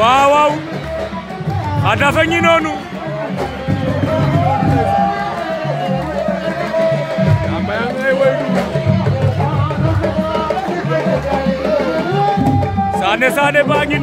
waaw waaw Xadafa ngi noonu Sané baa ngi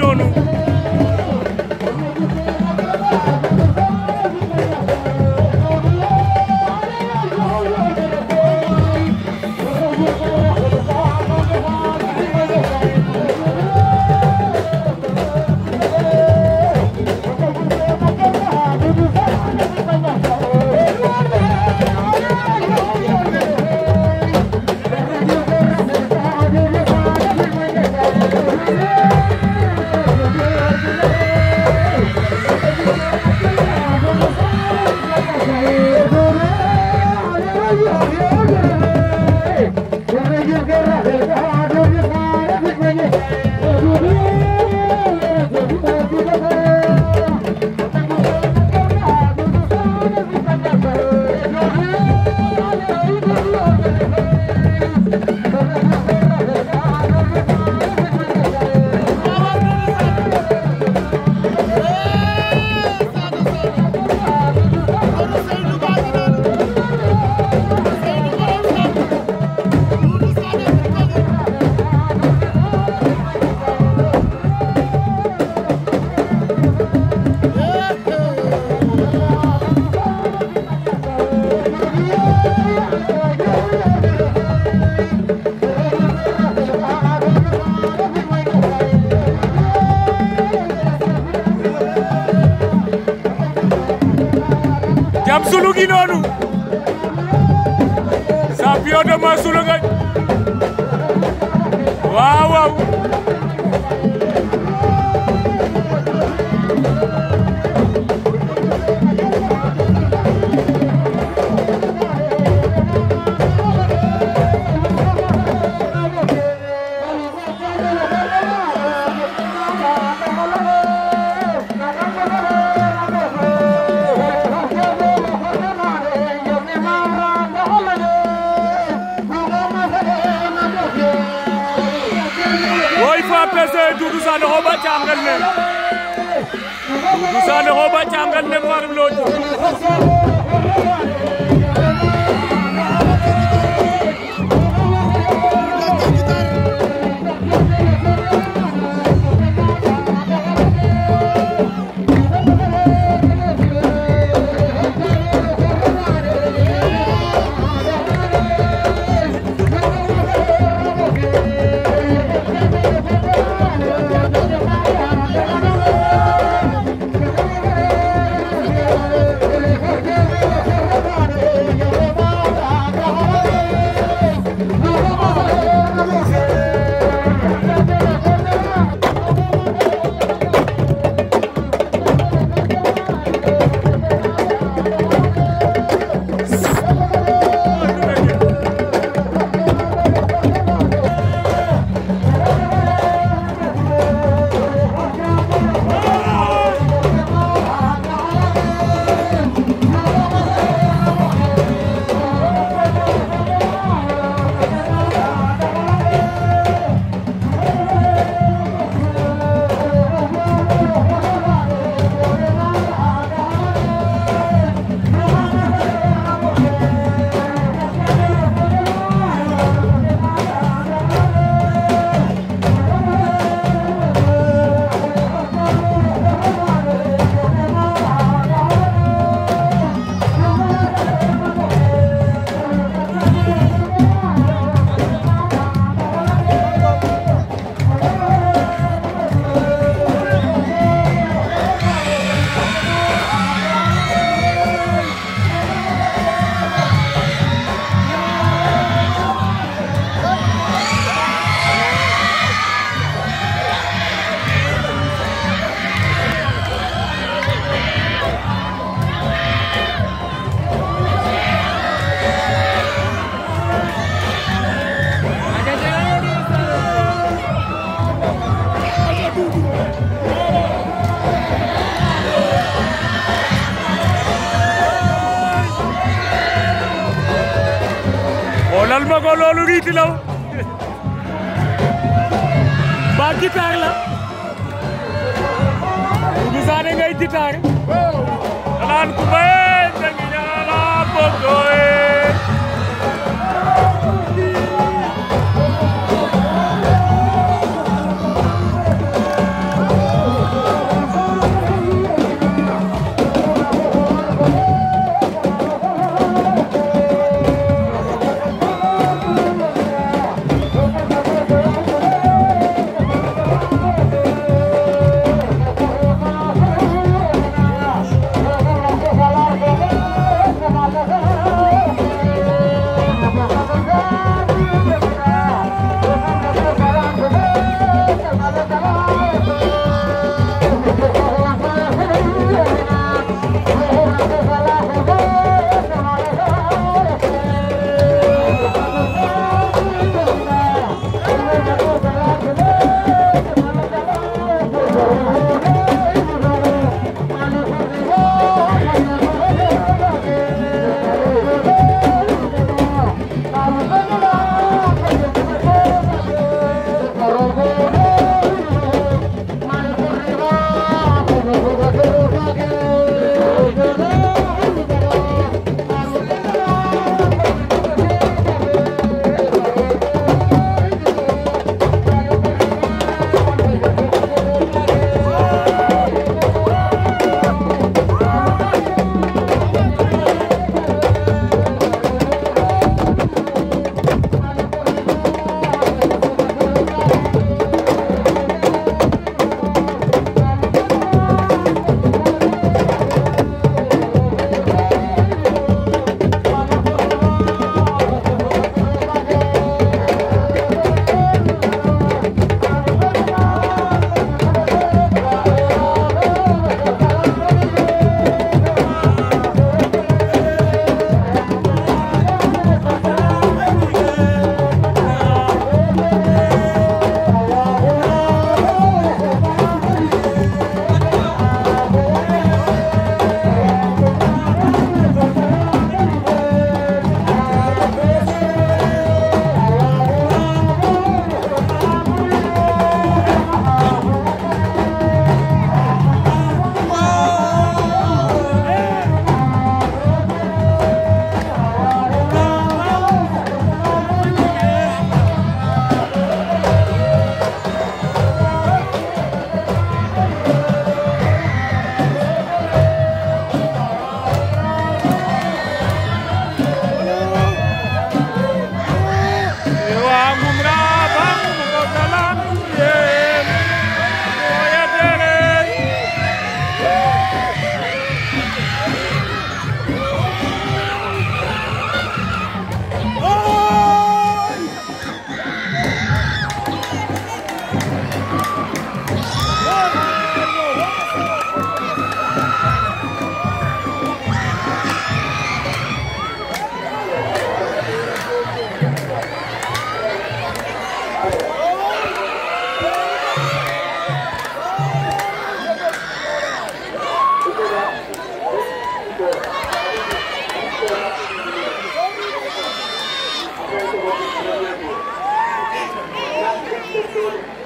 Adama Soulou Ngagne waaw waaw Duusane hoɓa camxel ne Duusane hoɓa camxel ne Fary Mbodj dalal ma loolu riiti law ba gitaar la Doudou Sané ngay gitaar danaan ku may dangi ñaala bokkooy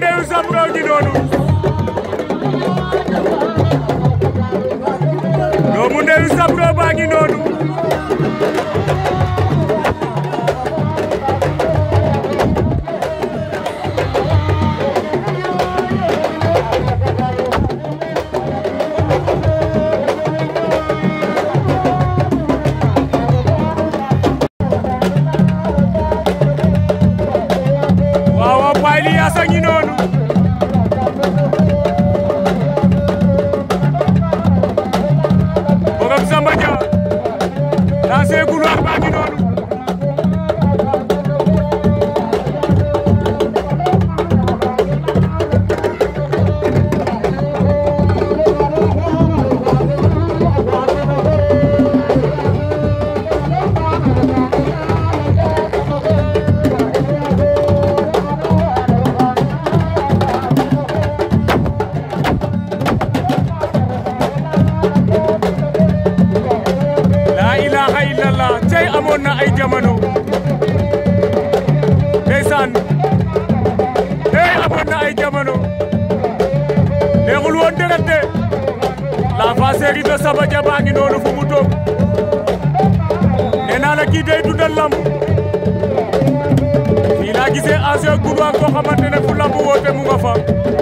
Budeyu Sambro gi noonu doomu Ndeyu Sambro baa ngi Passa aqui, nono. amoon na ay jamono ndeysaan a amoon na ay jamono neexul woon deret de la faseeri de Saba Dia baa ngi noonu fu mu toog nee naa la kii day dundal lamb fii laa gisee ancien couloir boo xamante ne fu lamb woote mu nga fa